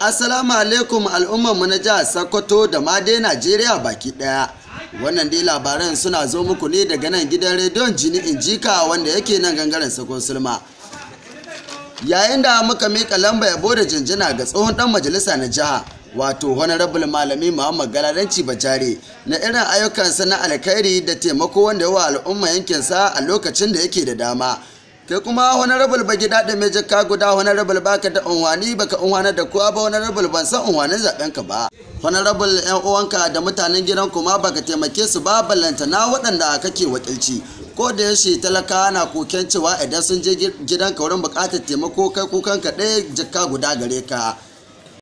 Assalamu alaikum al'ummar mu na jihar Sokoto da ma dai Najeriya baki daya. Wannan dai labaran suna zo muku ne daga nan gidan rediyon Jini Injika wanda yake nan gangaren Sakon Sulma. Yayin da muka mika lamba ya da jinjina ga tsohon dan majalisa na jiha wato honorable malami Muhammad Galaranci Bajare na irin ayyukansa na alkhairi da taimako wanda yawa al'umma yankinsa a lokacin da yake da dama. ke kuma honorable bagi da major jikka guda honorable baka da unwani baka unwana da kowa ba honorable ban san unwanin zaben ka ba honorable yan uwanka da mutanen gidan kuma baka taimake su ba ballanta na waɗanda kake wakilci ko da yaushe talaka na koken idan sun je gidan ka wurin bukatar taimako kai kukan ka ɗaya jikka guda gare ka